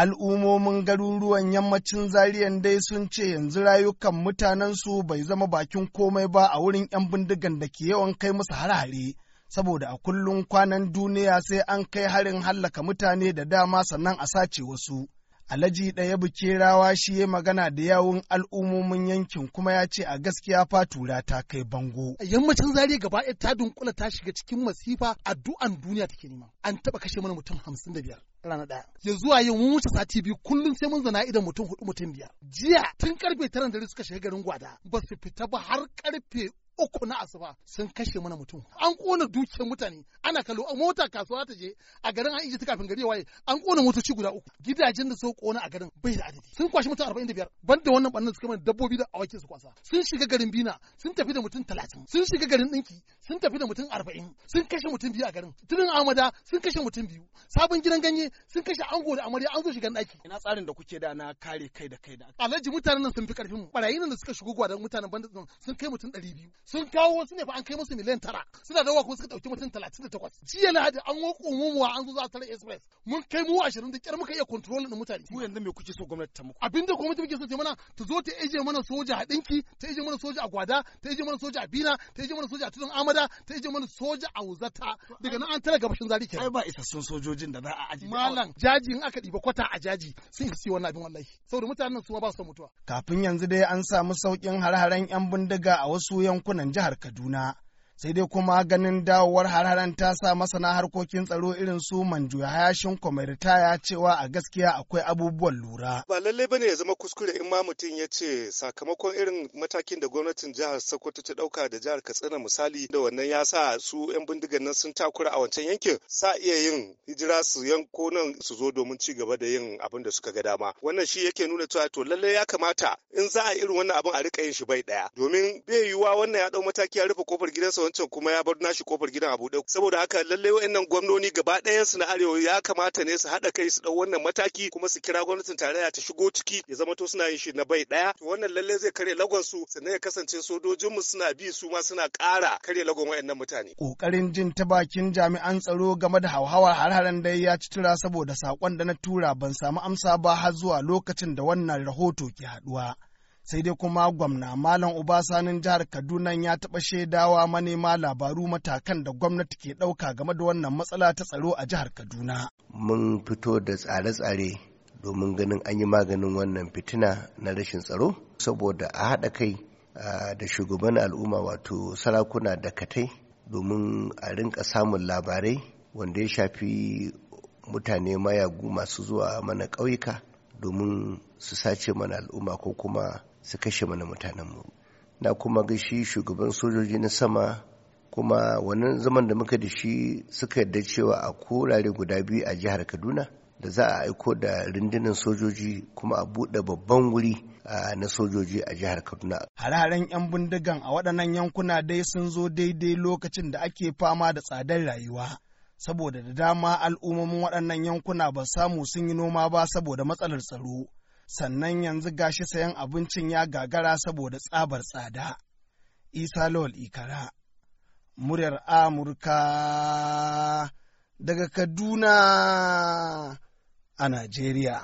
al'ummomin garuruwan yammacin zariyan dai sun ce yanzu rayukan mutanensu bai zama bakin komai ba a wurin 'yan bindigan da ke yawan kai musu harhare, saboda a kullum kwanan duniya sai an kai harin hallaka mutane da dama sannan a sace wasu. Alhaji ɗaya rawa shi ya magana da yawun al'ummomin yankin kuma ya ce a gaskiya fa tura ta kai bango. Yammacin zariya gaba ɗaya ta dunkula ta shiga cikin masifa addu'an duniya take nema. An taɓa kashe mana mutum hamsin da biyar. rana ɗaya. Ya zuwa yau mun wuce sati biyu kullum sai mun zana idan mutum hudu mutum biyar. Jiya tun karfe tara dare suka shiga garin Gwada ba su fita ba har karfe uku na asuba sun kashe mana mutum an kona dukiyar mutane ana kallo mota kasuwa ta je a garin an ta kafin gari waye an kona motoci guda uku gidajen da sun kona a garin bai da adadi sun kwashi mutum arba'in da ban banda wannan bannan suka mana dabbobi da awaki su kwasa sun shiga garin Bina sun tafi da mutum talatin sun shiga garin Dinki sun tafi da mutum arba'in sun kashe mutum biyu a garin tunin Amada sun kashe mutum biyu sabon gidan ganye sun kashe ango da amarya an zo shigan daki ina tsarin da kuke da na kare kai da kai da alhaji mutanen nan sun fi karfin mu barayin da suka shigo gwadan mutanen banda sun kai mutum 200 sun kawo wasu ne fa an kai musu miliyan tara suna da kuma suka dauki mutum talatin da takwas jiya hadi an wakon mumuwa an zo za a tare express mun kai mu ashirin da kyar muka iya control din mutane mu yanzu me kuke so gwamnati ta muku abinda gwamnati muke so ta mana ta zo ta eje mana soja a dinki ta eje mana soja a gwada ta eje mana soja a bina ta eje mana soja a tudun amada ta eje mana soja a wuzata daga nan an tara gabashin zari kenan ai ba isassun sojojin da za a aji malam jaji in aka diba kwata a jaji sun isi wannan abin wallahi saboda mutanen su ba su mutuwa kafin yanzu dai an samu saukin har-haren yan bindiga a wasu yankunan gwamnan jihar Kaduna sai dai kuma ganin dawowar hararen ta sa masana harkokin tsaro irin su manju hayashin kwamirta ya cewa a gaskiya akwai abubuwan lura. Ba lallai bane ya zama kuskure in ma mutum ya ce sakamakon irin matakin da gwamnatin jihar Sokoto ta dauka da jihar Katsina misali da wannan ya sa su yan bindigan nan sun takura a wancan yankin sa iya yin hijira su yanko nan su zo domin ci gaba da yin abin da suka ga dama. Wannan shi yake nuna cewa to lallai ya kamata in za a irin wannan abin a rika yin shi bai daya domin bai yiwuwa wannan ya dau mataki ya rufe kofar gidansa wancan kuma ya bar nashi kofar gidan a buɗe saboda haka lallai wayannan gwamnoni gaba ɗayan su na arewa ya kamata ne su haɗa kai su ɗau wannan mataki kuma su kira gwamnatin tarayya ta shigo ciki ya zama to suna yin shi na bai ɗaya to wannan lallai zai karya lagon su sannan ya kasance sojojin mu suna bi su ma suna ƙara karya lagon wayannan mutane kokarin jin ta bakin jami'an tsaro game da hauhawar har-haren dai ya ci tura saboda saƙon da na tura ban samu amsa ba har zuwa lokacin da wannan rahoto ke haɗuwa. sai dai kuma gwamna malam Uba sanin jihar kaduna ya taɓa shaidawa manema labaru matakan da gwamnati ke ɗauka game da wannan matsala ta tsaro a jihar kaduna mun fito da tsare-tsare domin ganin an yi maganin wannan fitina na rashin tsaro saboda a haɗa kai da shugaban al'umma wato sarakuna da katai domin a rinka samun labarai wanda ya shafi mutane mayagu masu zuwa mana ƙauyuka domin su sace mana al'umma ko kuma su kashe mana mutanenmu na kuma ga shi shugaban sojoji na sama kuma wani zaman da muka da shi suka yarda cewa a korare guda biyu a jihar kaduna da za a aiko da rundunar sojoji kuma a buɗe babban wuri na sojoji a jihar kaduna hare 'yan bindigan a waɗannan yankuna dai sun zo daidai lokacin da ake fama da tsadar rayuwa saboda da dama al'ummomin waɗannan yankuna ba samu sun yi noma ba saboda matsalar tsaro sannan yanzu gashi sayan abincin ya gagara saboda tsabar tsada isa lawal ikara muryar amurka daga kaduna a najeriya